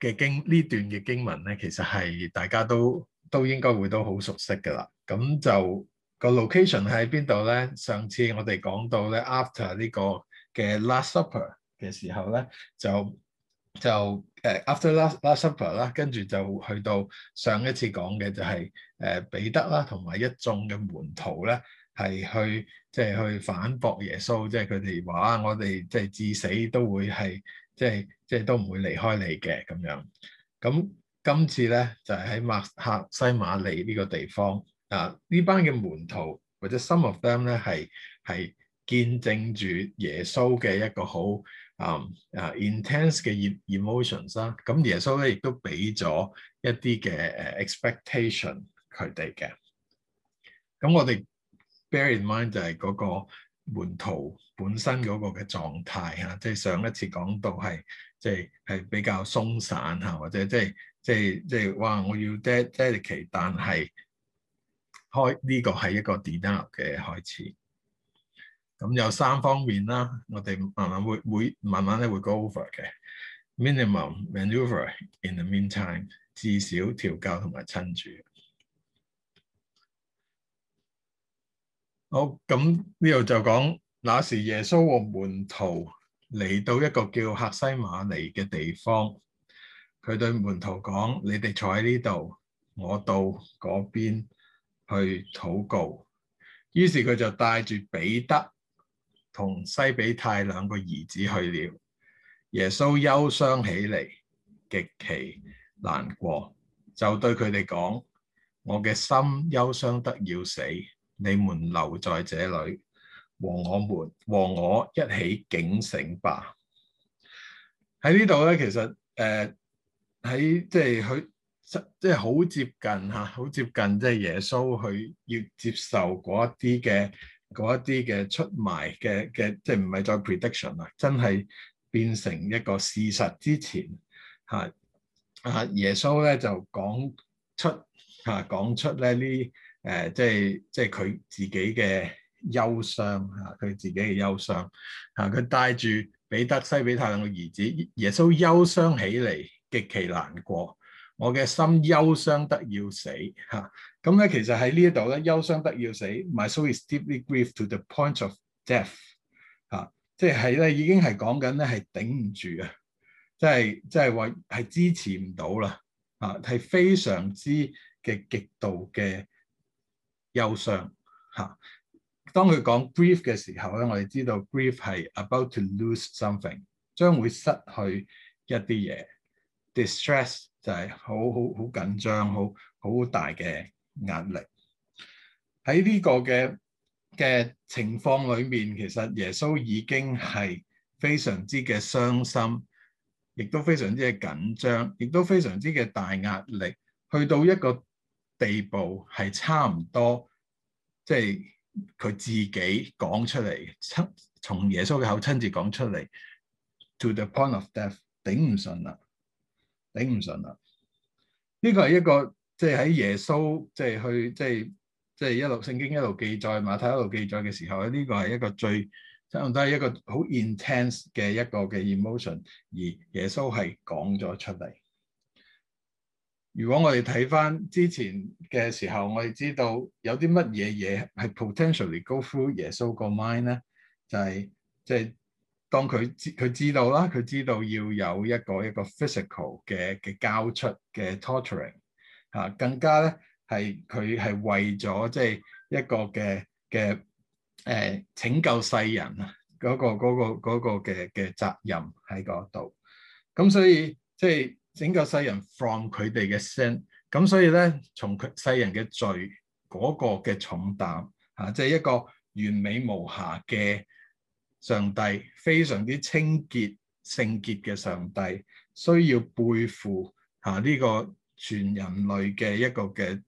嘅經呢段嘅經文咧，其實係大家都都應該會都好熟悉㗎啦。咁就個 location 喺邊度咧？上次我哋講到咧，after 呢個嘅 Last Supper 嘅時候咧，就就誒、uh, after last Last Supper 啦，跟住就去到上一次講嘅就係、是、誒、呃、彼得啦，同埋一眾嘅門徒咧，係去即係、就是、去反駁耶穌，即係佢哋話我哋即係至死都會係。即係即係都唔會離開你嘅咁樣。咁今次咧就係、是、喺馬克西馬里呢個地方啊，呢班嘅門徒或者 some of them 咧係係見證住耶穌嘅一個好、um, uh, 啊啊 intense 嘅 emotions 啦。咁、嗯、耶穌咧亦都俾咗一啲嘅誒 expectation 佢哋嘅。咁我哋 bear in mind 就係嗰、那個。門徒本身嗰個嘅狀態嚇，即係上一次講到係，即係係比較鬆散嚇，或者即係即係即係話，我要即係即係但係開呢個係一個啲啱嘅開始。咁有三方面啦，我哋慢慢會會慢慢咧會 cover 嘅 minimum manoeuvre in the meantime，至少調教同埋親住。魯利語好，咁呢度就講，那時耶穌和門徒嚟到一個叫客西馬尼嘅地方，佢對門徒講：你哋坐喺呢度，我到嗰邊去禱告。於是佢就帶住彼得同西比太兩個兒子去了。耶穌憂傷起嚟，極其難過，就對佢哋講：我嘅心憂傷得要死。你們留在這裡，和我們和我一起警醒吧。喺呢度咧，其實誒喺、呃、即係佢即係好接近嚇，好、啊、接近即係耶穌佢要接受嗰一啲嘅一啲嘅出賣嘅嘅，即係唔係再 prediction 啦，真係變成一個事實之前嚇啊！耶穌咧就講出嚇、啊、講出咧呢。誒、呃，即係即係佢自己嘅憂傷嚇，佢、啊、自己嘅憂傷嚇，佢、啊、帶住彼得、西庇太兩個兒子，耶穌憂傷起嚟，極其難過，我嘅心憂傷得要死嚇。咁、啊、咧、嗯，其實喺呢一度咧，憂傷得要死，My soul is deeply grieved to the point of death 嚇，即係係咧已經係講緊咧係頂唔住啊，即係即係話係支持唔到啦嚇，係、啊、非常之嘅極度嘅。憂傷吓，當佢講 grief 嘅時候咧，我哋知道 grief 係 about to lose something，將會失去一啲嘢。Distress 就係好好好緊張，好好大嘅壓力。喺呢個嘅嘅情況裏面，其實耶穌已經係非常之嘅傷心，亦都非常之嘅緊張，亦都非常之嘅大壓力，去到一個地步係差唔多。即係佢自己講出嚟，親從耶穌嘅口親自講出嚟，to the point of death，頂唔順啦，頂唔順啦。呢個係一個即係喺耶穌即係去即係即係一路聖經一路記載，馬太一路記載嘅時候，呢個係一個最差唔多係一個好 intense 嘅一個嘅 emotion，而耶穌係講咗出嚟。如果我哋睇返之前嘅時候，我哋知道有啲乜嘢嘢係 potentially go through 耶穌個 mind 咧？就係即係當佢知佢知道啦，佢知道要有一個一個 physical 嘅嘅交出嘅 torturing 啊，更加咧係佢係為咗即係一個嘅嘅誒拯救世人啊嗰個嗰個嗰個嗰個嘅嘅責任喺嗰度，咁所以即係。即係整個世人 from 佢哋嘅 sin，咁所以咧，從佢世人嘅罪嗰、那個嘅重擔，嚇、啊，即、就、係、是、一個完美無瑕嘅上帝，非常之清潔聖潔嘅上帝，需要背負嚇呢、啊這個全人類嘅一個嘅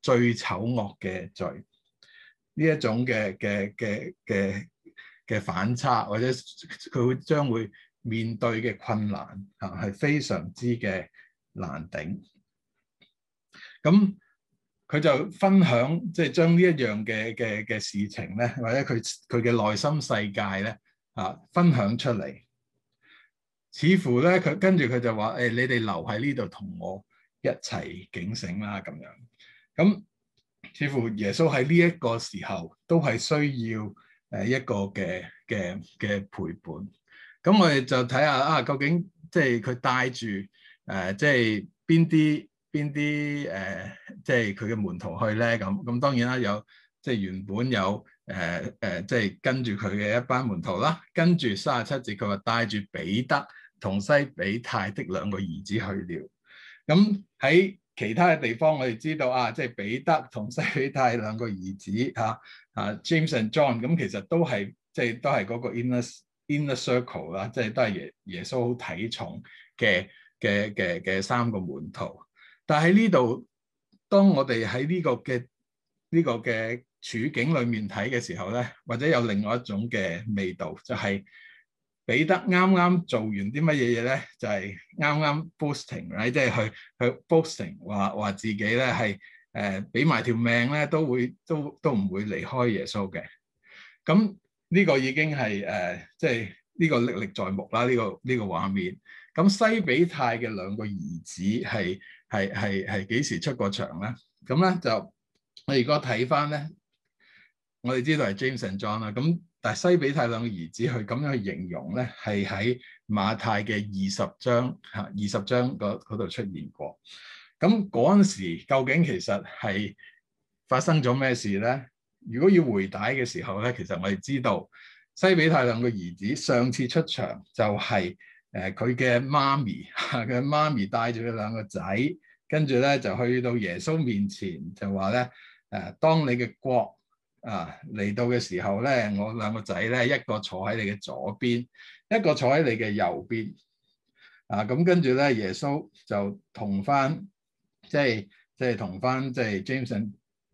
最醜惡嘅罪，呢一種嘅嘅嘅嘅嘅反差，或者佢會將會。面對嘅困難啊，係非常之嘅難頂。咁佢就分享，即係將呢一樣嘅嘅嘅事情咧，或者佢佢嘅內心世界咧啊，分享出嚟。似乎咧，佢跟住佢就話，誒、哎，你哋留喺呢度同我一齊警醒啦，咁樣。咁似乎耶穌喺呢一個時候都係需要誒一個嘅嘅嘅陪伴。咁我哋就睇下啊，究竟即係佢帶住誒，即係邊啲邊啲誒，即係佢嘅門徒去咧咁。咁當然啦，有即係、就是、原本有誒誒，即、呃、係、呃就是、跟住佢嘅一班門徒啦。跟住三十七節，佢話帶住彼得同西比泰的兩個兒子去了。咁喺其他嘅地方，我哋知道啊，即、就、係、是、彼得同西比泰兩個兒子嚇嚇、啊啊、James and John，咁其實都係即係都係嗰個 Innis。In the circle 啦，即係都係耶耶穌好睇重嘅嘅嘅嘅三個門徒。但喺呢度，當我哋喺呢個嘅呢、呢個嘅處境裡面睇嘅時候咧，或者有另外一種嘅味道，就係彼得啱啱做完啲乜嘢嘢咧？就係、是、啱啱 boasting，即係去去 boasting，話話自己咧係誒俾埋條命咧，都會都都唔會離開耶穌嘅。咁呢個已經係誒，即係呢個歷歷在目啦。呢、這個呢、這個畫面。咁西比泰嘅兩個兒子係係係係幾時出過場咧？咁咧就我如果睇翻咧，我哋知道係 James and John 啦。咁但係西比泰兩個兒子去咁樣去形容咧，係喺馬太嘅二十章嚇二十章嗰度出現過。咁嗰陣時究竟其實係發生咗咩事咧？如果要回帶嘅時候咧，其實我哋知道西比太兩個兒子上次出場就係誒佢嘅媽咪嚇，佢媽咪帶住佢兩個仔，跟住咧就去到耶穌面前就話咧誒，當你嘅國啊嚟到嘅時候咧，我兩個仔咧一個坐喺你嘅左邊，一個坐喺你嘅右邊啊，咁跟住咧耶穌就同返即係即係同返即係 Jameson。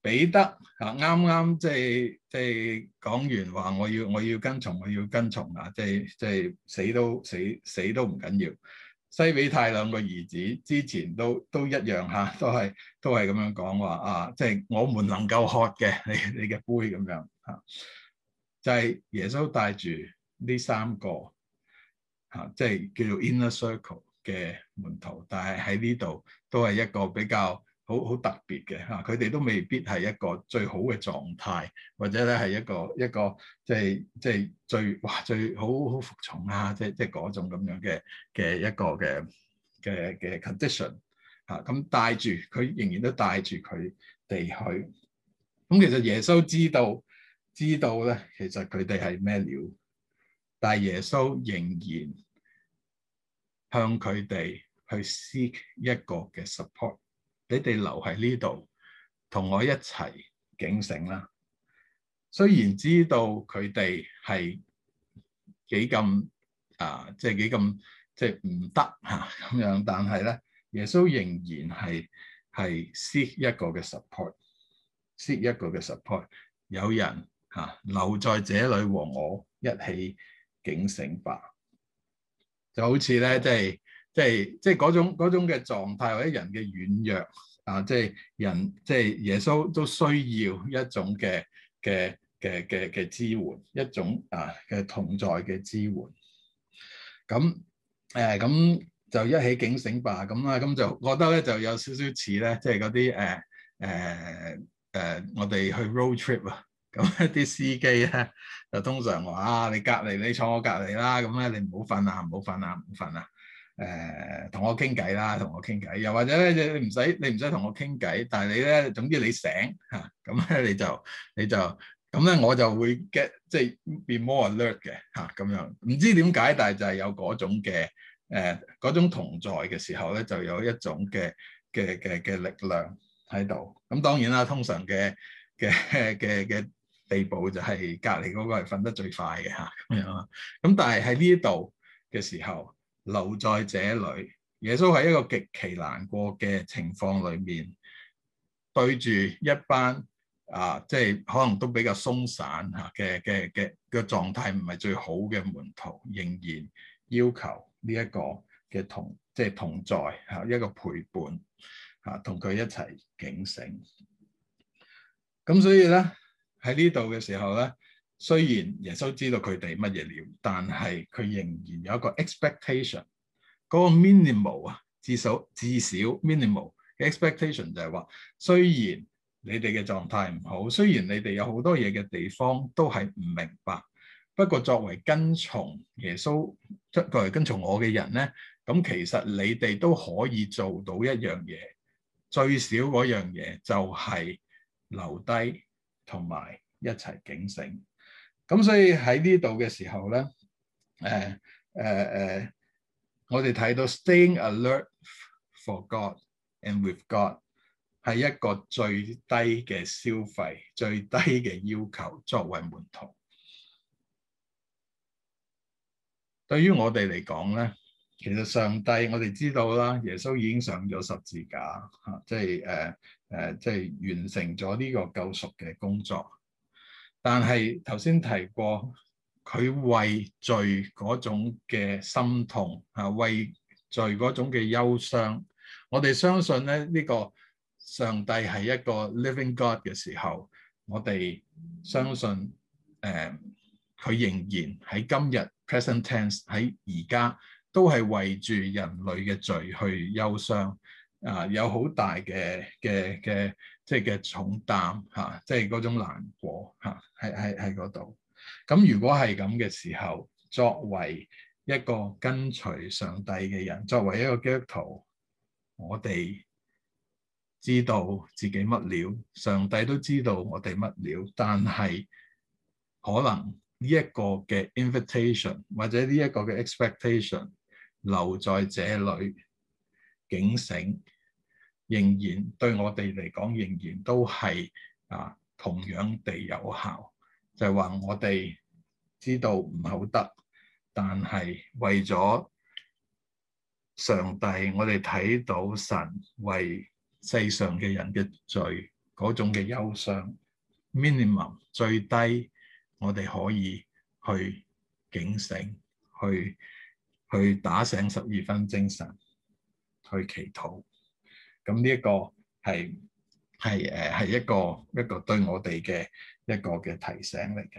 彼得啊，啱啱即係即係講完話，我要我要跟從，我要跟從啊！即係即係死都死死都唔緊要。西比太兩個兒子之前都都一樣吓，都係都係咁樣講話啊！即係我們能夠喝嘅你你嘅杯咁樣吓，就係耶穌帶住呢三個吓，即係叫做 inner circle 嘅門徒，但係喺呢度都係一個比較。好好特別嘅嚇，佢哋都未必係一個最好嘅狀態，或者咧係一個一個即係即係最哇最好好服從啊！即即嗰種咁樣嘅嘅一個嘅嘅嘅 condition 嚇，咁、啊、帶住佢仍然都帶住佢哋去。咁其實耶穌知道知道咧，其實佢哋係咩料，但係耶穌仍然向佢哋去 seek 一個嘅 support。你哋留喺呢度，同我一齊警醒啦。雖然知道佢哋係幾咁啊，即係幾咁即係唔得吓咁樣，但係咧，耶穌仍然係係施一個嘅 support，施一個嘅 support。有人吓、啊、留在這裏和我一起警醒吧，就好似咧，即係。即係即係嗰種嘅狀態，或者人嘅軟弱啊，即係人即係耶穌都需要一種嘅嘅嘅嘅嘅支援，一種啊嘅同在嘅支援。咁誒咁就一起警醒吧。咁啊咁就覺得咧就有少少似咧，即係嗰啲誒誒誒，我哋去 road trip 啊、嗯，咁一啲司機咧就通常話、啊：你隔離你坐我隔離啦，咁、嗯、咧你唔好瞓啊，唔好瞓啊，唔好瞓啊！誒同、呃、我傾偈啦，同我傾偈，又或者咧，你唔使你唔使同我傾偈，但係你咧，總之你醒嚇，咁、啊、咧你就你就咁咧、啊，我就會 get 即係 be more alert 嘅嚇，咁、啊、樣唔知點解，但係就係有嗰種嘅誒嗰種同在嘅時候咧，就有一種嘅嘅嘅嘅力量喺度。咁、啊、當然啦，通常嘅嘅嘅地步就係隔離嗰個係瞓得最快嘅嚇咁樣啊。咁、啊、但係喺呢一度嘅時候。留在這裏，耶穌喺一個極其難過嘅情況裏面，對住一班啊，即係可能都比較鬆散嚇嘅嘅嘅嘅狀態，唔係最好嘅門徒，仍然要求呢一個嘅同即係同在嚇一個陪伴嚇，同佢一齊警醒。咁所以咧喺呢度嘅時候咧。雖然耶穌知道佢哋乜嘢料，但係佢仍然有一個 expectation，嗰個 minimal 啊，至少至少 minimal expectation 就係話，雖然你哋嘅狀態唔好，雖然你哋有好多嘢嘅地方都係唔明白，不過作為跟從耶穌，作為跟從我嘅人咧，咁其實你哋都可以做到一樣嘢，最少嗰樣嘢就係留低同埋一齊警醒。咁所以喺呢度嘅時候咧，誒誒誒，我哋睇到 staying alert for God and with God 係一個最低嘅消費、最低嘅要求，作為門徒。對於我哋嚟講咧，其實上帝我哋知道啦，耶穌已經上咗十字架，嚇、即係，即係誒誒，即係完成咗呢個救贖嘅工作。但係頭先提過，佢為罪嗰種嘅心痛啊，為罪嗰種嘅憂傷。我哋相信咧呢、呢個上帝係一個 Living God 嘅時候，我哋相信誒，佢、啊、仍然喺今日 present tense 喺而家都係為住人類嘅罪去憂傷。啊，有好大嘅嘅嘅，即係嘅重擔吓，即係嗰種難過吓，係係喺嗰度。咁如果係咁嘅時候，作為一個跟隨上帝嘅人，作為一個基督徒，我哋知道自己乜料，上帝都知道我哋乜料，但係可能呢一個嘅 invitation 或者呢一個嘅 expectation 留在這裏。警醒仍然對我哋嚟講，仍然，仍然都係啊同樣地有效。就係、是、話我哋知道唔好得，但係為咗上帝，我哋睇到神為世上嘅人嘅罪嗰種嘅憂傷，minimum 最低，我哋可以去警醒，去去打醒十二分精神。去祈禱，咁、嗯、呢、這個、一個係係誒係一個一個對我哋嘅一個嘅提醒嚟嘅，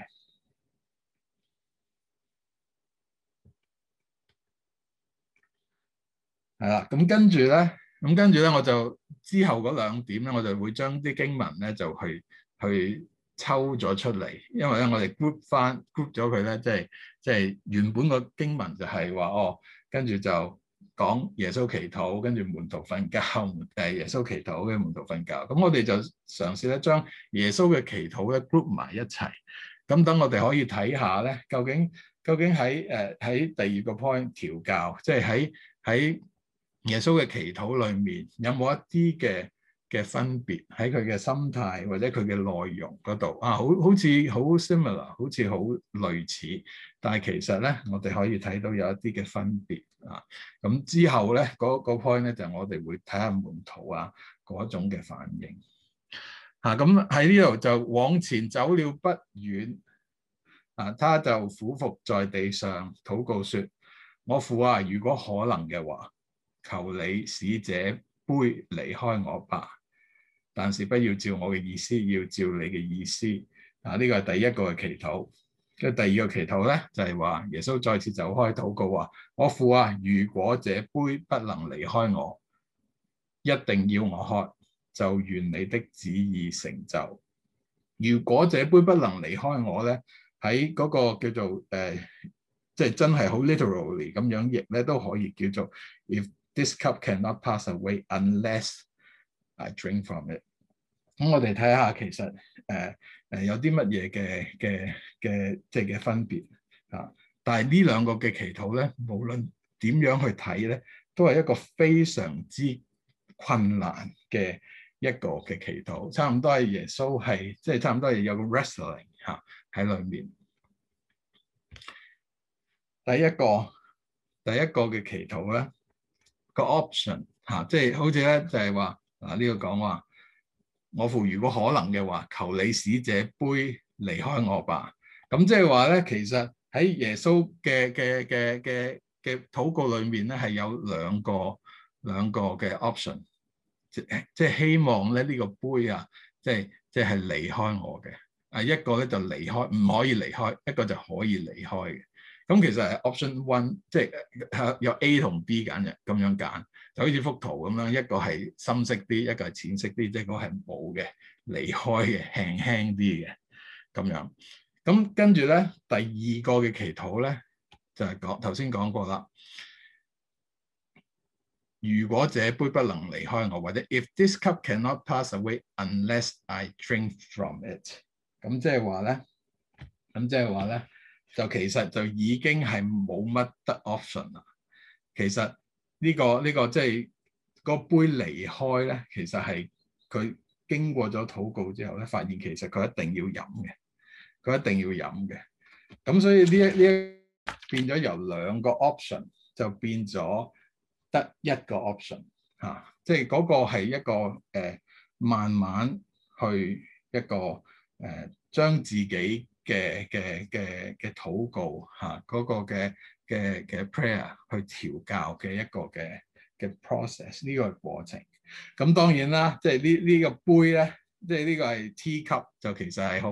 係、嗯、啦。咁跟住咧，咁跟住咧，我就之後嗰兩點咧，我就會將啲經文咧就去去抽咗出嚟，因為咧我哋 group 翻 group 咗佢咧，即係即係原本個經文就係話哦，跟住就。講耶穌祈禱，跟住門徒瞓覺。誒，耶穌祈禱，跟住門徒瞓覺。咁我哋就嘗試咧，將耶穌嘅祈禱咧 group 埋一齊。咁等我哋可以睇下咧，究竟究竟喺誒喺第二個 point 調教，即係喺喺耶穌嘅祈禱裏面，有冇一啲嘅？嘅分別喺佢嘅心態或者佢嘅內容嗰度啊，好好似 sim 好 similar，好似好類似，但係其實咧，我哋可以睇到有一啲嘅分別啊。咁之後咧，嗰、那個 point 咧、那個、就我哋會睇下門徒啊嗰種嘅反應啊。咁喺呢度就往前走了不遠啊，他就俯伏在地上禱告說：我父啊，如果可能嘅話，求你使這杯離開我吧。但是不要照我嘅意思，要照你嘅意思。啊，呢個係第一個嘅祈禱。跟住第二個祈禱咧，就係話耶穌再次走開禱告話：「我父啊，如果這杯不能離開我，一定要我喝，就願你的旨意成就。」如果這杯不能離開我咧，喺嗰個叫做誒即係真係好 literally 咁樣亦咧，都可以叫做 If this cup cannot pass away unless I drink from it。咁我哋睇下，其實誒誒、呃呃、有啲乜嘢嘅嘅嘅，即係嘅分別啊！但係呢兩個嘅祈禱咧，無論點樣去睇咧，都係一個非常之困難嘅一個嘅祈禱。差唔多係耶穌係，即、就、係、是、差唔多係有個 wrestling 嚇喺裏面。第一個第一個嘅祈禱咧個 option 嚇、啊，即、就、係、是、好似咧就係話嗱呢個講話。我父，如果可能嘅話，求你使這杯離開我吧。咁即係話咧，其實喺耶穌嘅嘅嘅嘅嘅禱告裏面咧，係有兩個兩個嘅 option，即即係希望咧呢、這個杯啊，即係即係離開我嘅。啊，一個咧就離開，唔可以離開；一個就可以離開嘅。咁其實係 option one，即係有 A 同 B 揀嘅，咁樣揀。好似幅圖咁樣，一個係深色啲，一個係淺色啲，即係嗰係冇嘅，離開嘅，輕輕啲嘅咁樣。咁跟住咧，第二個嘅祈禱咧，就係講頭先講過啦。如果這杯不能離開我，或者 If this cup cannot pass away unless I drink from it，咁即係話咧，咁即係話咧，就其實就已經係冇乜得 option 啦。其實。呢、這個呢、這個即係個杯離開咧，其實係佢經過咗禱告之後咧，發現其實佢一定要飲嘅，佢一定要飲嘅。咁所以呢一呢一變咗由兩個 option 就變咗得一個 option 嚇、啊，即係嗰個係一個誒、呃、慢慢去一個誒、呃、將自己嘅嘅嘅嘅禱告嚇嗰、啊那個嘅。嘅嘅 prayer 去調教嘅一個嘅嘅 process 呢個過程咁當然啦，即係呢呢個杯咧，即係呢個係 tea cup，就其實係好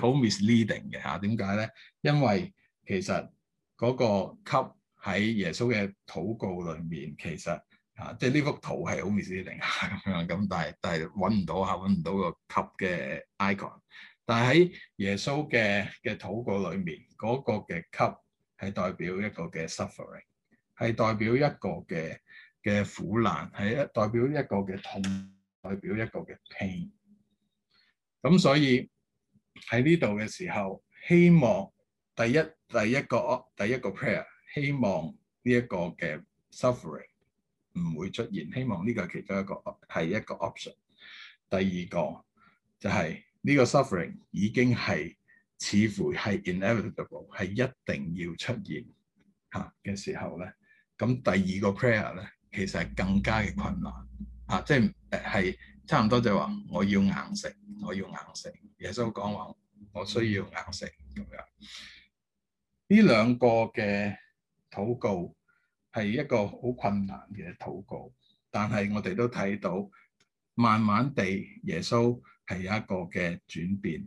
好 misleading 嘅吓，點解咧？因為其實嗰個 cup 喺耶穌嘅禱告裏面，其實啊，即係呢幅圖係好 misleading 吓、啊、咁樣，咁，但係但係揾唔到吓，揾唔到個 cup 嘅 icon，但係喺耶穌嘅嘅禱告裏面嗰、那個嘅 cup。係代表一個嘅 suffering，係代表一個嘅嘅苦難，係一代表一個嘅痛，代表一個嘅 pain。咁所以喺呢度嘅時候，希望第一第一個第一個 prayer，希望呢一個嘅 suffering 唔會出現，希望呢個係其中一個係一個 option。第二個就係、是、呢個 suffering 已經係。似乎係 inevitable，係一定要出現嚇嘅時候咧，咁第二個 prayer 咧，其實係更加嘅困難嚇，即係誒係差唔多就係話我要硬食，我要硬食，耶穌講話我需要硬食咁樣。呢兩個嘅禱告係一個好困難嘅禱告，但係我哋都睇到慢慢地耶穌係有一個嘅轉變。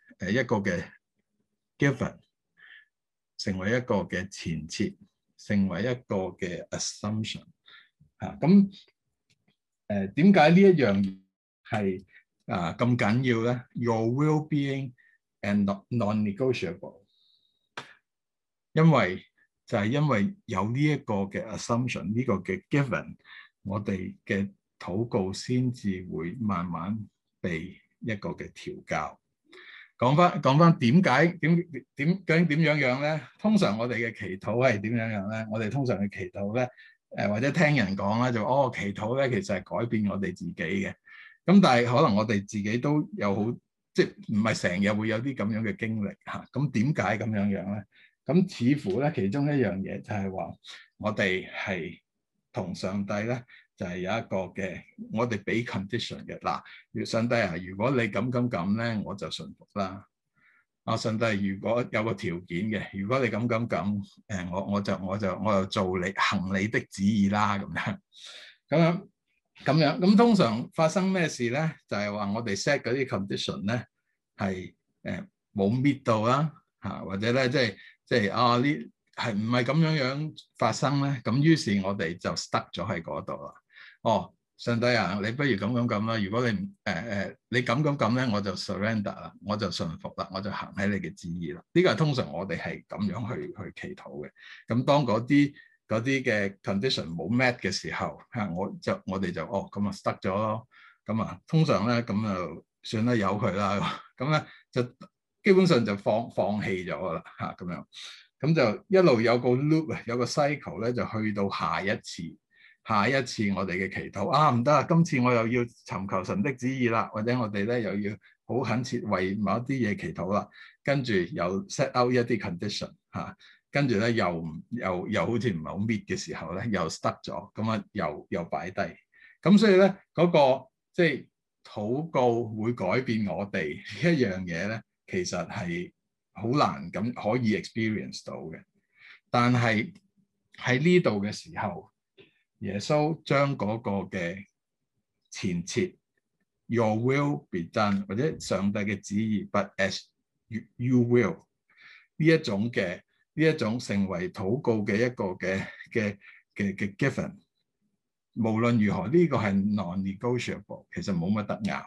係一個嘅 given，成為一個嘅前設，成為一個嘅 assumption。嚇，咁誒，點解呢一樣係啊咁緊要咧？Your well-being and non-negotiable。因為就係因為有呢一個嘅 assumption，呢個嘅 given，我哋嘅禱告先至會慢慢被一個嘅調教。講翻講翻點解點點究竟點樣樣咧？通常我哋嘅祈禱係點樣樣咧？我哋通常嘅祈禱咧，誒、呃、或者聽人講咧，就哦祈禱咧，其實係改變我哋自己嘅。咁但係可能我哋自己都有好即係唔係成日會有啲咁樣嘅經歷嚇。咁點解咁樣樣咧？咁似乎咧，其中一樣嘢就係話我哋係同上帝咧。就係有一個嘅，我哋俾 condition 嘅嗱，上帝啊，如果你咁咁咁咧，我就信服啦。啊，上帝、啊，如果有個條件嘅，如果你咁咁咁，誒、呃，我就我就我就我又做你行你的旨意啦，咁樣，咁樣，咁樣，咁通常發生咩事咧？就係、是、話我哋 set 嗰啲 condition 咧，係誒冇 meet 到啦，嚇、啊，或者咧即係即係啊呢，係唔係咁樣樣發生咧？咁於是我哋就 stuck 咗喺嗰度啦。哦，上帝啊，你不如咁咁咁啦。如果你唔誒誒，你咁咁咁咧，我就 surrender 啦，我就信服啦，我就行喺你嘅旨意啦。呢個係通常我哋係咁樣去去祈禱嘅。咁、嗯、當嗰啲啲嘅 condition 冇 met 嘅時候吓，我就我哋就哦咁啊 stuck 咗咯。咁啊、嗯，通常咧咁就算啦，由佢啦。咁 咧、嗯、就基本上就放放棄咗噶啦吓，咁、嗯、樣咁、嗯、就一路有個 loop 有個 cycle 咧就去到下一次。下一次我哋嘅祈禱啊，唔得啦！今次我又要尋求神的旨意啦，或者我哋咧又要好懇切為某一啲嘢祈禱啦，跟住又 set out 一啲 condition 嚇、啊，跟住咧又又又好似唔係好 meet 嘅時候咧，又 stuck 咗，咁啊又又擺低。咁所以咧嗰、嗰個即係禱告會改變我哋呢一樣嘢咧，其實係好難咁可以 experience 到嘅。但係喺呢度嘅時候。耶穌將嗰個嘅前設，Your will be done，或者上帝嘅旨意，But as you, you will 呢一種嘅呢一種成為禱告嘅一個嘅嘅嘅嘅 given。無論如何，呢、呢個係 non-negotiable，其實冇乜得拗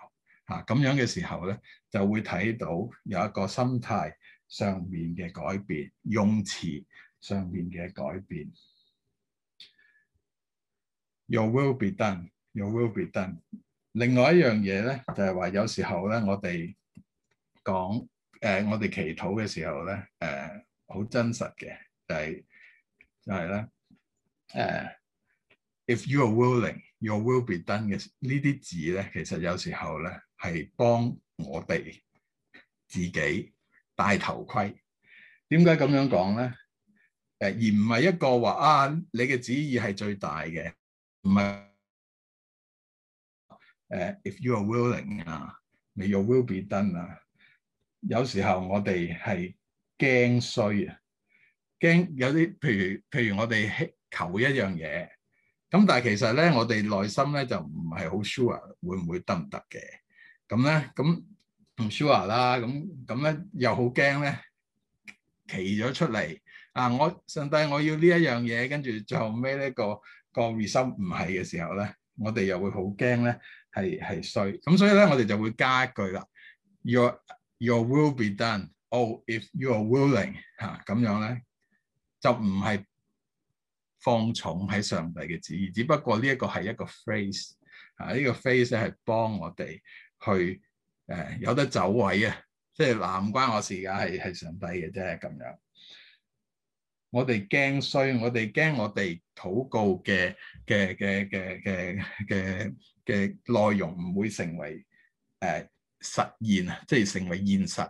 吓。咁、啊、樣嘅時候咧，就會睇到有一個心態上面嘅改變，用詞上面嘅改變。Your will be done. Your will be done。另外一樣嘢咧，就係話有時候咧，我哋講誒，我哋祈禱嘅時候咧，誒、呃，好真實嘅就係就係咧誒，If you are willing, your will be done 嘅呢啲字咧，其實有時候咧係幫我哋自己戴頭盔。點解咁樣講咧？誒、呃，而唔係一個話啊，你嘅旨意係最大嘅。唔係誒，if you are willing 啊 may your will be done 啊。有時候我哋係驚衰啊，驚有啲譬如譬如我哋求一樣嘢，咁但係其實咧我哋內心咧就唔係好 sure 會唔會得唔得嘅。咁咧咁唔 sure 啦，咁咁咧又好驚咧企咗出嚟啊！我上帝，我要呢一樣嘢，跟住最後尾呢個。個 result 唔係嘅時候咧，我哋又會好驚咧，係係衰。咁所以咧，我哋就會加一句啦：Your your will be done, oh if you are willing，嚇咁、啊、樣咧就唔係放重喺上帝嘅旨意，只不過呢一個係一個 phrase 啊，呢、這個 phrase 咧係幫我哋去誒、呃、有得走位啊，即係唔關我事㗎、啊，係係上帝嘅啫咁樣。我哋驚衰，我哋驚我哋禱告嘅嘅嘅嘅嘅嘅嘅內容唔會成為誒、呃、實現啊，即係成為現實。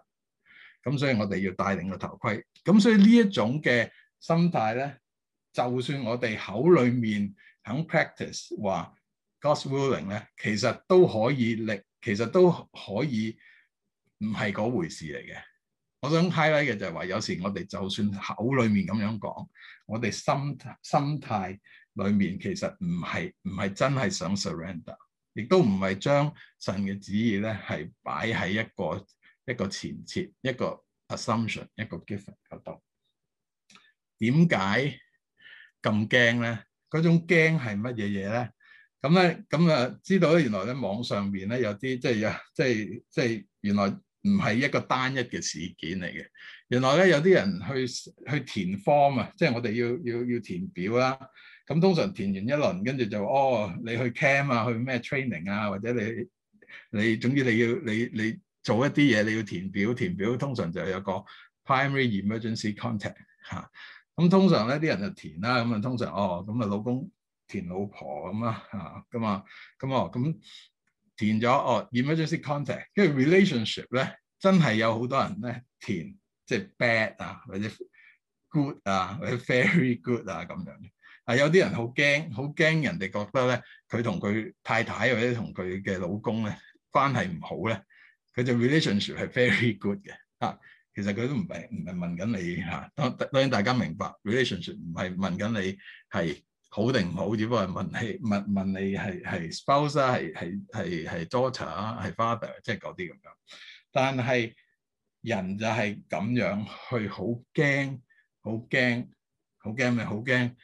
咁所以我哋要戴定個頭盔。咁所以呢一種嘅心態咧，就算我哋口裏面肯 practice 話 God’s willing 咧，其實都可以力，其實都可以唔係嗰回事嚟嘅。我想 highlight 嘅就係話，有時我哋就算口裏面咁樣講，我哋心心態裏面其實唔係唔係真係想 surrender，亦都唔係將神嘅旨意咧係擺喺一個一個前設、一個 assumption、一個 given 嗰度。點解咁驚咧？嗰種驚係乜嘢嘢咧？咁咧咁啊，就知道咧，原來咧網上邊咧有啲即係有即係即係原來。唔係一個單一嘅事件嚟嘅，原來咧有啲人去去填 form 啊，即係我哋要要要填表啦。咁、um, 通常填完一輪，跟住就哦，你去 camp 啊，去咩 training 啊，或者你你，你總之你要你你做一啲嘢，你要填表，填表通常就有個 primary emergency contact 嚇、啊。咁通常咧啲人就填啦，咁、um, 啊通常哦，咁啊老公填老婆咁啦嚇，噶、啊、嘛，咁啊咁。填咗哦、oh, emergency contact，跟住 relationship 咧，真係有好多人咧填即係、就是、bad 啊，或者 good 啊，或者 very good 啊咁樣。啊有啲人好驚，好驚人哋覺得咧，佢同佢太太或者同佢嘅老公咧關係唔好咧，佢就 relationship 係 very good 嘅。啊，其實佢都唔係唔係問緊你嚇。當、啊、當然大家明白，relationship 唔係問緊你係好定唔好？只不過問你，問問你係係 spouse 啊，係係係係 daughter 啊，係 father，即係嗰啲咁樣。但係人就係咁樣去，好驚好驚好驚咩？好驚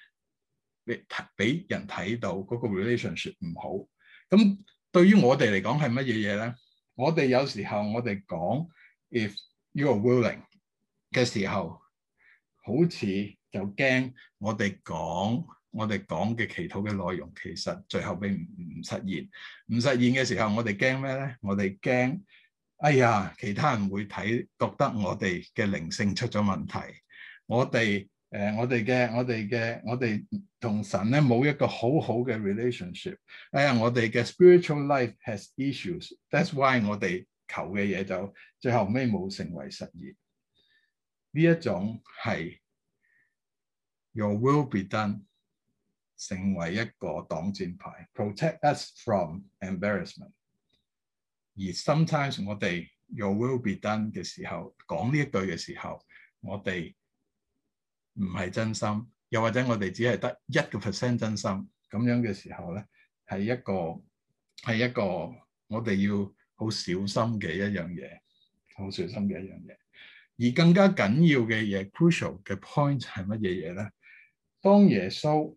你俾人睇到嗰個 relationship 唔好。咁對於我哋嚟講係乜嘢嘢咧？我哋有時候我哋講 if you are willing 嘅時候，好似就驚我哋講。我哋講嘅祈禱嘅內容，其實最後尾唔實現，唔實現嘅時候，我哋驚咩咧？我哋驚，哎呀，其他人會睇覺得我哋嘅靈性出咗問題，我哋誒、呃，我哋嘅我哋嘅我哋同神咧冇一個好好嘅 relationship，哎呀，我哋嘅 spiritual life has issues，that's why 我哋求嘅嘢就最後尾冇成為實現。呢一種係 Your will be done。成為一個擋箭牌，protect us from embarrassment。而 sometimes 我哋 your will be done 嘅時候，講呢一句嘅時候，我哋唔係真心，又或者我哋只係得一個 percent 真心咁樣嘅時候咧，係一個係一個我哋要好小心嘅一樣嘢，好小心嘅一樣嘢。而更加緊要嘅嘢，crucial 嘅 point 係乜嘢嘢咧？當耶穌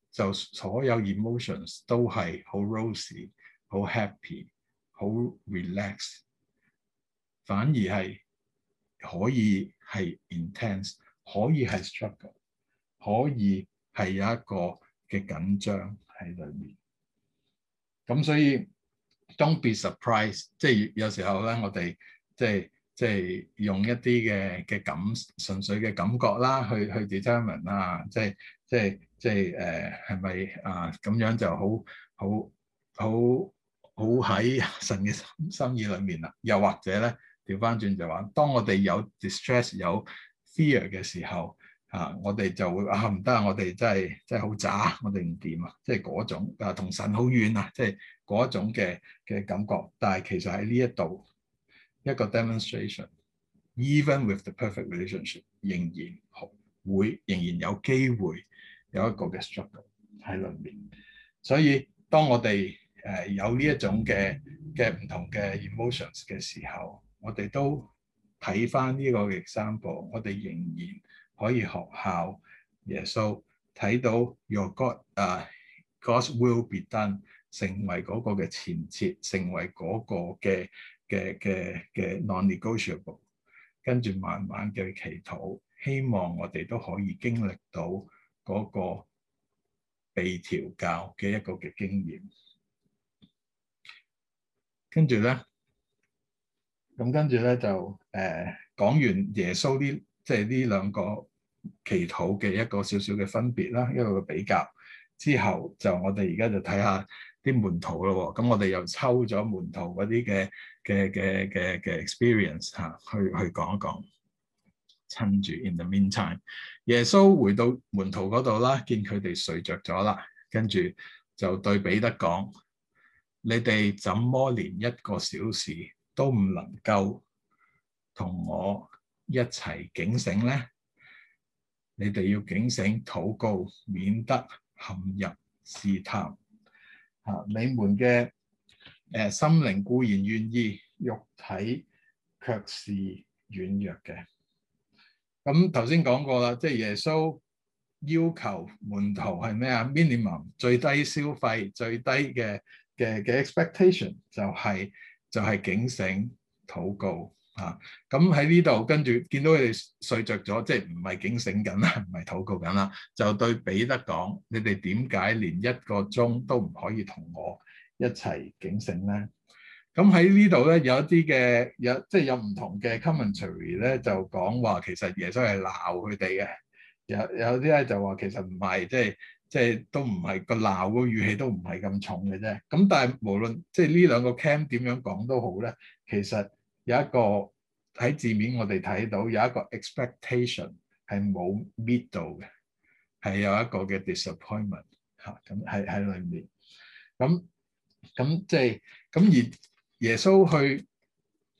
就所有 emotions 都係好 rosy、好 happy、好 relax，反而係可以係 intense、可以係 struggle、可以係有一個嘅緊張喺裏面。咁所以 don't be surprised，即係有時候咧，我哋即係即係用一啲嘅嘅感純粹嘅感覺啦，去去 determine 啦，即係即係。即係即係誒係咪啊咁樣就好好好好喺神嘅心心意裏面啊？又或者咧調翻轉就話，當我哋有 distress 有 fear 嘅時候啊，我哋就會啊唔得啊！我哋真係真係好渣，我哋唔掂啊！即係嗰種啊同神好遠啊！即係嗰種嘅嘅感覺。但係其實喺呢一度一個 demonstration，even with the perfect relationship，仍然會，仍然有機會。有一個嘅 struggle 喺裏面， 所以當我哋誒、呃、有呢一種嘅嘅唔同嘅 emotions 嘅時候，我哋都睇翻呢個 example。我哋仍然可以學效耶穌，睇到 your God、uh, God will be done，成為嗰個嘅前設，成為嗰個嘅嘅嘅嘅 non-negotiable，跟住慢慢嘅祈禱，希望我哋都可以經歷到。嗰個被調教嘅一個嘅經驗，跟住咧，咁跟住咧就誒、呃、講完耶穌呢，即係呢兩個祈禱嘅一個少少嘅分別啦，一個嘅比較之後，就我哋而家就睇下啲門徒咯喎，咁我哋又抽咗門徒嗰啲嘅嘅嘅嘅 experience 嚇、啊，去去講一講。趁住，in the meantime，耶穌回到門徒嗰度啦，見佢哋睡着咗啦，跟住就對彼得講：你哋怎麼連一個小時都唔能夠同我一齊警醒咧？你哋要警醒、禱告，免得陷入試探。嚇，你們嘅誒、呃、心靈固然願意，肉體卻是軟弱嘅。咁頭先講過啦，即係耶穌要求門徒係咩啊？Minimum 最低消費、最低嘅嘅嘅 expectation 就係就係警醒禱告啊！咁喺呢度跟住見到佢哋睡着咗，即係唔係警醒緊啦，唔係禱告緊啦，就對彼得講：你哋點解連一個鐘都唔可以同我一齊警醒咧？咁喺呢度咧，有一啲嘅有即係有唔同嘅 commentary 咧，就講話其實耶穌係鬧佢哋嘅。有有啲咧就話其實唔係，即係即係都唔係個鬧個語氣都唔係咁重嘅啫。咁但係無論即係呢兩個 camp 點樣講都好咧，其實有一個喺字面我哋睇到有一個 expectation 係冇 meet 到嘅，係有一個嘅 disappointment 嚇咁喺喺裏面。咁咁即係咁而。耶穌去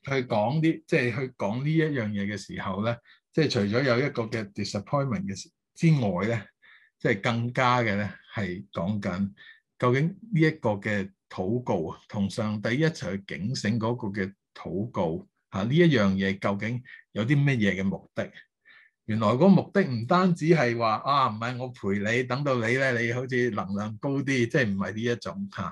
去講啲，即係去講呢一樣嘢嘅時候咧，即係除咗有一個嘅 disappointment 嘅之外咧，即係更加嘅咧係講緊究竟呢一個嘅禱告同上帝一齊去警醒嗰個嘅禱告嚇呢、啊、一樣嘢究竟有啲乜嘢嘅目的？原來嗰目的唔單止係話啊，唔係我陪你等到你咧，你好似能量高啲，即係唔係呢一種嚇。啊。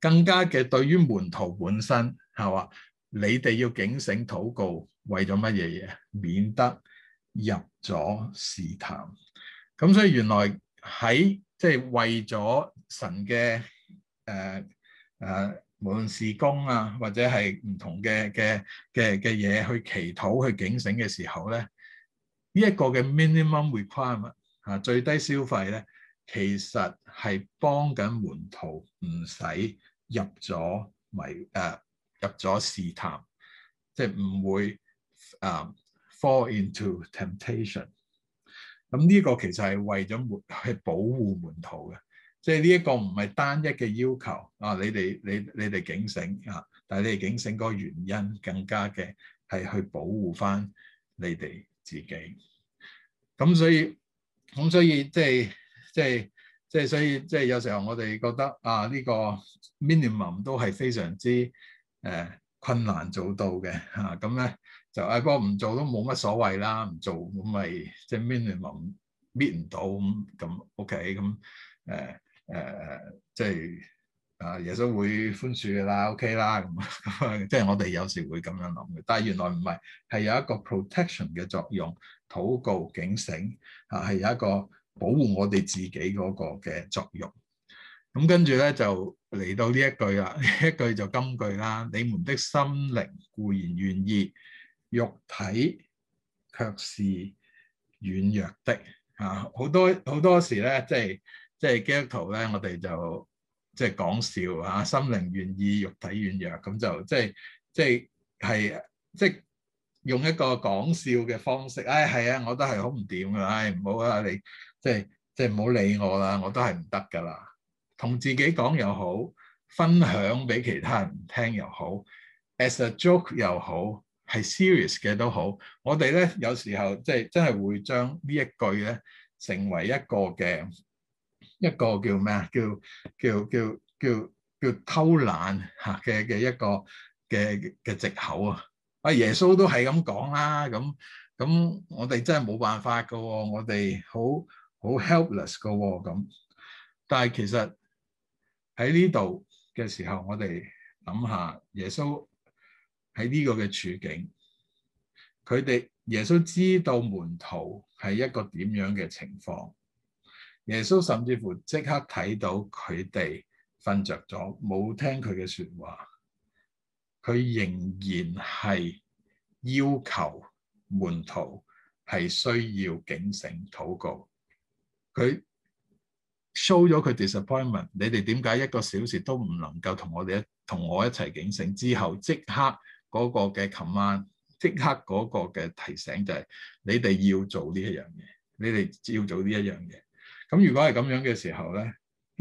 更加嘅對於門徒本身係話，你哋要警醒禱告，為咗乜嘢嘢，免得入咗試探。咁所以原來喺即係為咗神嘅誒誒，無論事工啊，或者係唔同嘅嘅嘅嘅嘢去祈禱、去警醒嘅時候咧，呢、這、一個嘅 minimum requirement 啊最低消費咧，其實係幫緊門徒唔使入咗迷誒，入咗試探，即係唔會、啊、fall into temptation。咁呢個其實係為咗去保護門徒嘅，即係呢一個唔係單一嘅要求啊！你哋你你哋警醒啊，但係你哋警醒個原因更加嘅係去保護返你哋自己。咁所以咁所以即係即係。即係所以，即、就、係、是、有時候我哋覺得啊，呢、這個 minimum 都係非常之誒、呃、困難做到嘅嚇。咁、啊、咧就誒，啊、不過唔做都冇乜所謂啦。唔做咁咪即係 minimum 搣唔到咁，咁 OK 咁誒誒，即、呃、係、呃就是、啊，耶穌會寬恕㗎啦，OK 啦咁即係我哋有時會咁樣諗嘅。但係原來唔係，係有一個 protection 嘅作用，禱告警醒啊，係有一個。保護我哋自己嗰個嘅作用，咁跟住咧就嚟到呢一句啦，呢一句就金句啦。你們的心靈固然願意，肉體卻是軟弱的。啊，好多好多時咧，即係即係基督徒咧，我哋就即係講笑啊，心靈願意，肉體軟弱，咁就即係即係係即係用一個講笑嘅方式。唉、哎，係啊，我都係好唔掂嘅，唉、哎，唔好啊，你。即係即係唔好理我啦，我都係唔得噶啦。同自己講又好，分享俾其他人聽又好，as a joke 又好，係 serious 嘅都好。我哋咧有時候即係真係會將呢一句咧成為一個嘅一個叫咩啊？叫叫叫叫叫，叫偷懶吓嘅嘅一個嘅嘅藉口啊！啊耶穌都係咁講啦，咁咁我哋真係冇辦法噶，我哋好，好 helpless 個咁，哦，但係其實喺呢度嘅時候，我哋諗下耶穌喺呢個嘅處境，佢哋耶穌知道門徒係一個點樣嘅情況。耶穌甚至乎即刻睇到佢哋瞓着咗，冇聽佢嘅説話，佢仍然係要求門徒係需要警醒、禱告。佢 show 咗佢 disappointment，你哋點解一個小時都唔能夠同我哋一，同我一齊警醒之後，即刻嗰個嘅琴晚，即刻嗰個嘅提醒就係、是、你哋要做呢一樣嘢，你哋要做呢一樣嘢。咁如果係咁樣嘅時候咧，呢、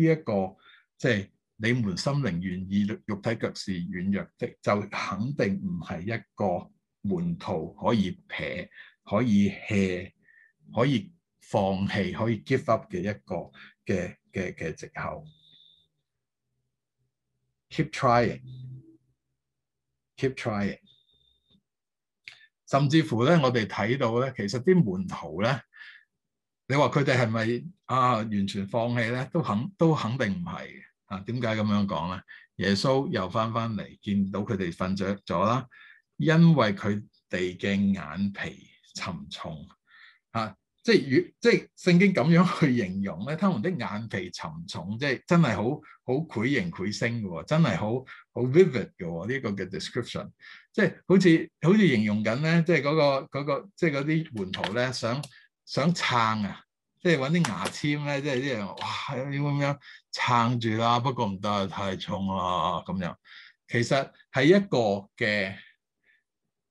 這、一個即係、就是、你們心靈願意，肉體腳是軟弱的，就肯定唔係一個門徒可以撇，可以 hea 可以。可以放棄可以 give up 嘅一個嘅嘅嘅藉口，keep trying，keep trying。Trying。甚至乎咧，我哋睇到咧，其實啲門徒咧，你話佢哋係咪啊完全放棄咧？都肯都肯定唔係啊。點解咁樣講咧？耶穌又翻翻嚟，見到佢哋瞓着咗啦，因為佢哋嘅眼皮沉重啊。即係如，即係聖經咁樣去形容咧，他們的眼皮沉重，即係真係好好繪形繪聲嘅喎，真係、哦這個、好好 vivid 嘅喎，呢個嘅 description，即係好似好似形容緊咧，即係嗰、那個、那個、即係嗰啲門徒咧，想想撐啊，即係揾啲牙籤咧，即係啲人哇咁咁樣撐住啦，不過唔得，太重啦咁樣。其實係一個嘅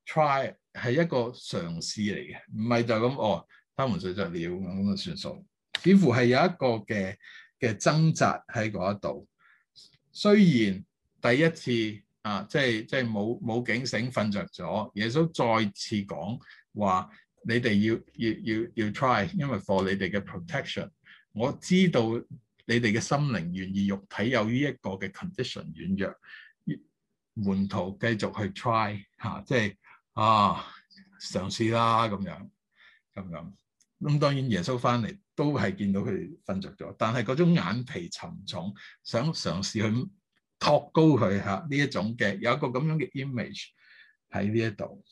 try 係一個嘗試嚟嘅，唔係就咁哦。他門水就了咁，就算數。似乎係有一個嘅嘅掙扎喺嗰一度。雖然第一次啊，即係即係冇冇警醒，瞓着咗。耶穌再次講話：你哋要要要要 try，因為 for 你哋嘅 protection。我知道你哋嘅心靈願意，肉體有呢一個嘅 condition 軟弱。門徒繼續去 try 吓、啊，即係啊嘗試啦咁樣咁樣。咁當然耶穌翻嚟都係見到佢瞓着咗，但係嗰種眼皮沉重，想嘗試去托高佢嚇呢一種嘅，有一個咁樣嘅 image 喺呢一度。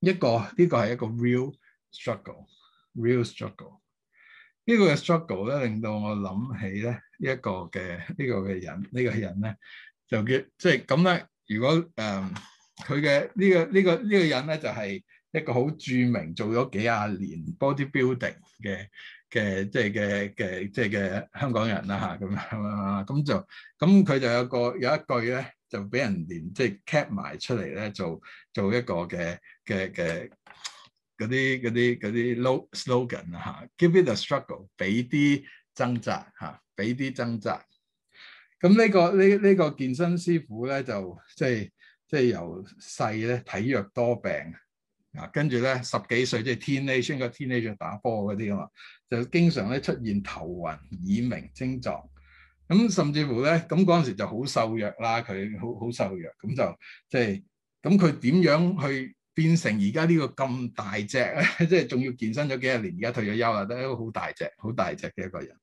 一個呢、這個係一個 real struggle，real struggle。這個、struggle 呢個嘅 struggle 咧令到我諗起咧一個嘅呢、這個嘅人，呢、這個人咧就叫即係咁咧。如果誒佢嘅呢個呢、這個呢、這個這個人咧就係、是。一個好著名做咗幾廿年 bodybuilding 嘅嘅即係嘅嘅即係嘅香港人啦嚇咁樣啊咁就咁佢就有個有一句咧就俾人連即係 cap 埋出嚟咧做做一個嘅嘅嘅嗰啲嗰啲嗰啲 low slogan 啊 give it a struggle 俾啲掙扎嚇俾啲掙扎咁呢、呢個呢呢、呢個健身師傅咧就即係即係由細咧體弱多病。嗱，跟住咧，十幾歲即係 teenage，個 teenage 打波嗰啲啊嘛，就經常咧出現頭暈耳鳴症狀，咁甚至乎咧，咁嗰陣時就好瘦弱啦，佢好好瘦弱，咁就即係，咁佢點樣去變成而家呢個咁 大隻？即係仲要健身咗幾廿年，而家退咗休啊，都好大隻，好大隻嘅一個人，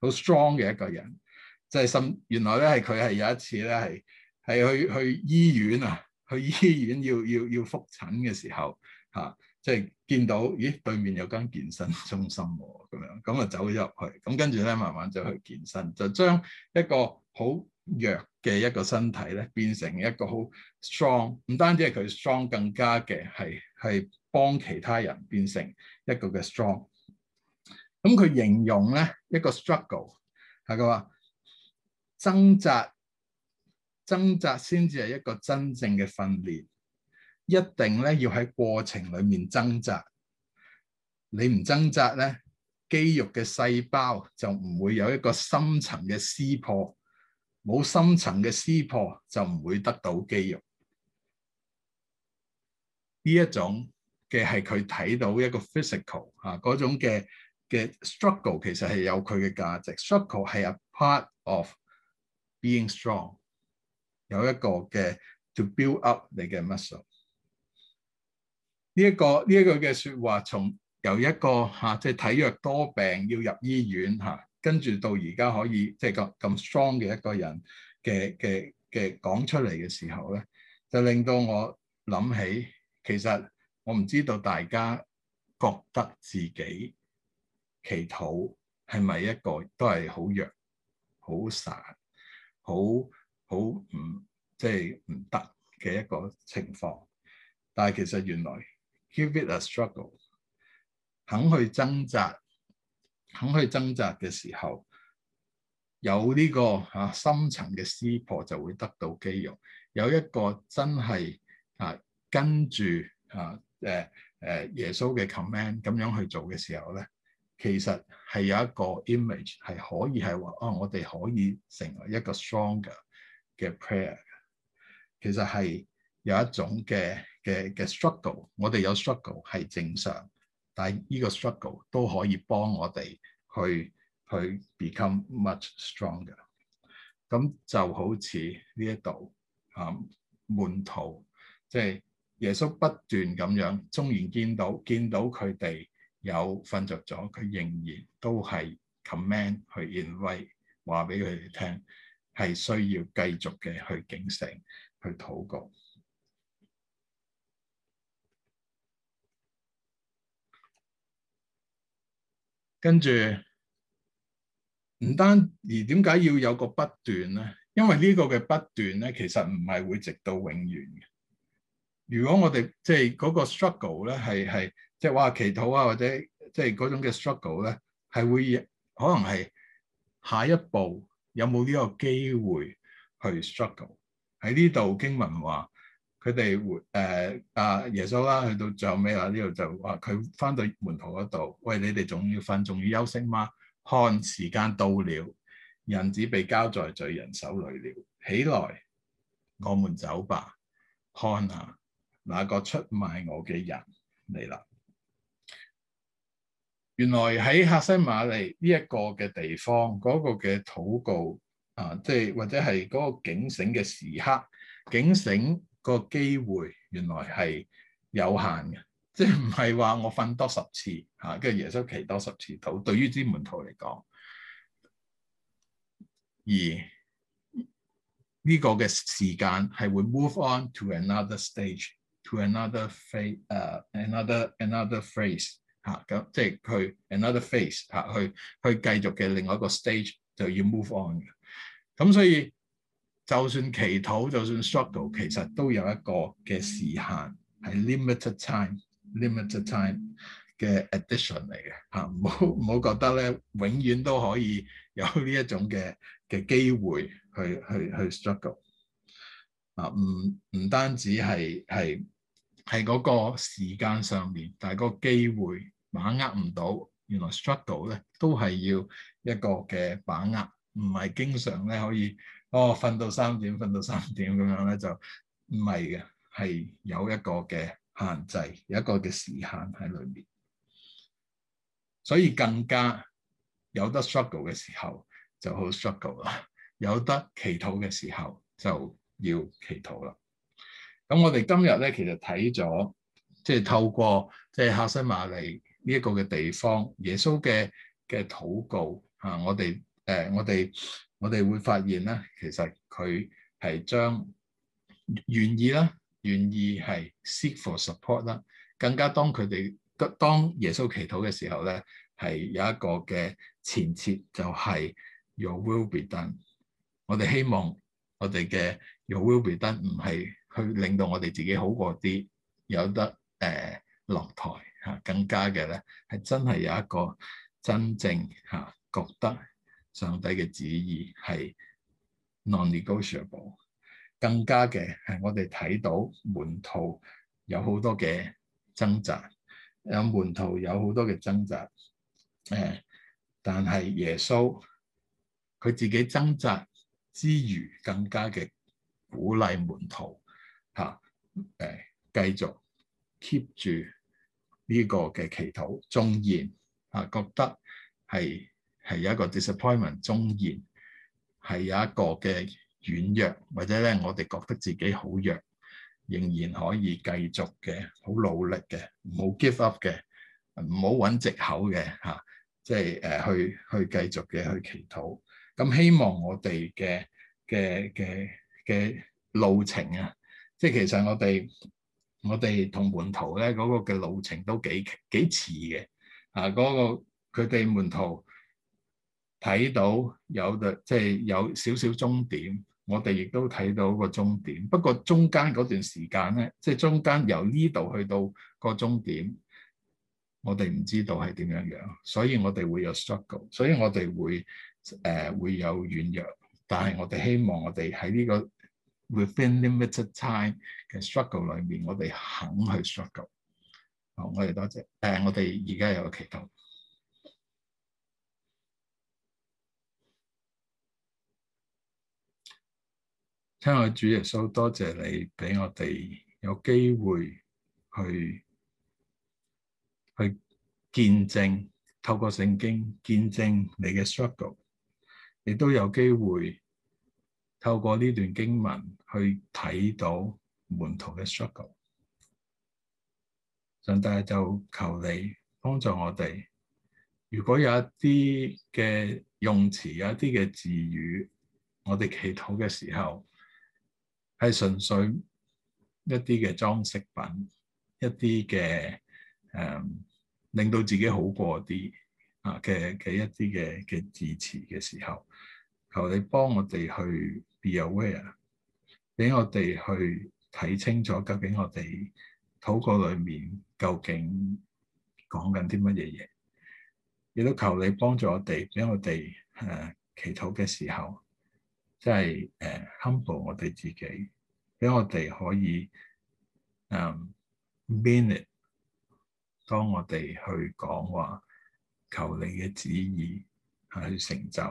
好 strong 嘅一個人，即係甚原來咧係佢係有一次咧係係去去醫院啊。去醫院要要要復診嘅時候，嚇，即係見到咦，對面有間健身中心喎，咁樣咁啊走入去，咁跟住咧，慢慢就去健身，就將一個好弱嘅一個身體咧，變成一個好 strong，唔單止係佢 strong，更加嘅係係幫其他人變成一個嘅 strong。咁佢形容咧一個 struggle，係佢話掙扎。掙扎先至係一個真正嘅訓練，一定咧要喺過程裡面掙扎。你唔掙扎咧，肌肉嘅細胞就唔會有一個深層嘅撕破，冇深層嘅撕破就唔會得到肌肉。呢一種嘅係佢睇到一個 physical 啊，嗰種嘅嘅 struggle 其實係有佢嘅價值。struggle 係 a part of being strong。有一個嘅 to build up 你嘅 muscle，呢、這個、一個呢一句嘅說話從，從由一個嚇即係體弱多病要入醫院嚇、啊，跟住到而家可以即係咁咁 strong 嘅一個人嘅嘅嘅講出嚟嘅時候咧，就令到我諗起，其實我唔知道大家覺得自己祈禱係咪一個都係好弱、好散、好。好唔即係唔得嘅一個情況，但係其實原來 give it a struggle，肯去掙扎，肯去掙扎嘅時候，有呢個啊深層嘅撕破就會得到肌肉。有一個真係啊跟住啊誒誒、啊啊、耶穌嘅 command 咁樣去做嘅時候咧，其實係有一個 image 係可以係話哦我哋可以成為一個 stronger。嘅 prayer 其實係有一種嘅嘅嘅 struggle，我哋有 struggle 係正常，但係呢個 struggle 都可以幫我哋去去 become much stronger。咁就好似呢一度啊，門徒即係、就是、耶穌不斷咁樣，縱然見到見到佢哋有瞓着咗，佢仍然都係 command 去 invite，話俾佢哋聽。係需要繼續嘅去警醒、去禱告。跟住唔單而點解要有個不斷咧？因為個呢個嘅不斷咧，其實唔係會直到永遠嘅。如果我哋即係嗰個 struggle 咧，係係即係話祈禱啊，或者即係嗰種嘅 struggle 咧，係會可能係下一步。有冇呢個機會去 struggle？喺呢度經文話佢哋會誒啊耶穌啦，去到最後尾嗱，呢度就話佢翻到門徒嗰度，喂，你哋仲要瞓，仲要休息嗎？看時間到了，人子被交在罪人手裡了。起來，我們走吧。看啊，那個出賣我嘅人嚟啦！原來喺客西馬尼呢一個嘅地方，嗰、嗰個嘅禱告啊，即係或者係嗰個警醒嘅時刻，警醒個機會原來係有限嘅，即係唔係話我瞓多，啊、多十次吓，跟住耶穌祈多十次禱。對於啲門徒嚟講，而呢個嘅時間係會 move on to another stage to another phase 誒、uh，another another phase。啊，咁即係佢 another phase 吓、啊，去去繼續嘅另外一個 stage 就要 move on 嘅。咁所以就算祈禱，就算 struggle，其實都有一個嘅時限係 limited time，limited time 嘅 addition 嚟嘅吓。唔好唔好覺得咧，永遠都可以有呢一種嘅嘅機會去去去 struggle 啊。唔唔單止係係係嗰個時間上面，但係個機會。把握唔到，原來 struggle 咧都係要一個嘅把握，唔係經常咧可以哦瞓到三點，瞓到三點咁樣咧就唔係嘅，係有一個嘅限制，有一個嘅時限喺裏面。所以更加有得 struggle 嘅時候就好 struggle 啦，有得祈禱嘅時候就要祈禱啦。咁我哋今日咧其實睇咗，即係透過即係客西馬尼。呢一個嘅地方，耶穌嘅嘅禱告啊，我哋誒、呃、我哋我哋會發現咧，其實佢係將願意啦，願意係 seek for support 啦。更加當佢哋當耶穌祈禱嘅時候咧，係有一個嘅前設，就係 your will be done。我哋希望我哋嘅 your will be done 唔係去令到我哋自己好過啲，有得誒、呃、落台。更加嘅咧，係真係有一個真正嚇覺得上帝嘅旨意係 non-negotiable。更加嘅係我哋睇到門徒有好多嘅掙扎，有門徒有好多嘅掙扎。誒，但係耶穌佢自己掙扎之餘，更加嘅鼓勵門徒嚇誒繼續 keep 住。呢個嘅祈禱縱然啊，覺得係係有一個 disappointment，縱然係有一個嘅軟弱，或者咧我哋覺得自己好弱，仍然可以繼續嘅好努力嘅，唔好 give up 嘅，唔好揾藉口嘅嚇，即係誒去去繼續嘅去祈禱。咁希望我哋嘅嘅嘅嘅路程啊，即係其實我哋。我哋同門徒咧嗰、那個嘅路程都幾幾似嘅，啊嗰、那個佢哋門徒睇到有嘅即係有少少終點，我哋亦都睇到個終點。不過中間嗰段時間咧，即係中間由呢度去到個終點，我哋唔知道係點樣樣，所以我哋會有 struggle，所以我哋會誒、呃、會有軟弱。但係我哋希望我哋喺呢個。Within limited time 嘅 struggle 裏面，我哋肯去 struggle。好、oh，我哋多謝。誒、呃，我哋而家有個祈禱。聽我主耶穌，多謝你俾我哋有機會去去見證，透過聖經見證你嘅 struggle，你都有機會。透過呢段經文去睇到門徒嘅 struggle，上帝就求你幫助我哋。如果有一啲嘅用詞，有一啲嘅字語，我哋祈禱嘅時候係純粹一啲嘅裝飾品，一啲嘅誒令到自己好過啲啊嘅嘅一啲嘅嘅字詞嘅時候，求你幫我哋去。Be aware，俾我哋去睇清楚究竟我哋禱告裏面究竟講緊啲乜嘢嘢。亦都求你幫助我哋，俾我哋誒、uh, 祈禱嘅時候，即係誒 humble 我哋自己，俾我哋可以誒 mean it。Um, minute, 當我哋去講話求你嘅旨意去成就，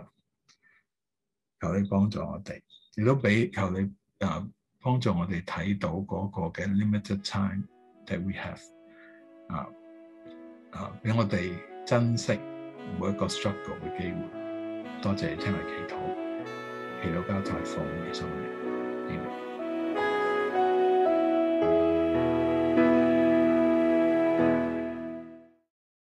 求你幫助我哋。亦都俾求你啊，幫助我哋睇到嗰個嘅 limited time that we have 啊啊，俾我哋珍惜每一個 struggle 嘅機會。多謝你聽我你祈禱，祈禱交託喺奉耶穌嘅。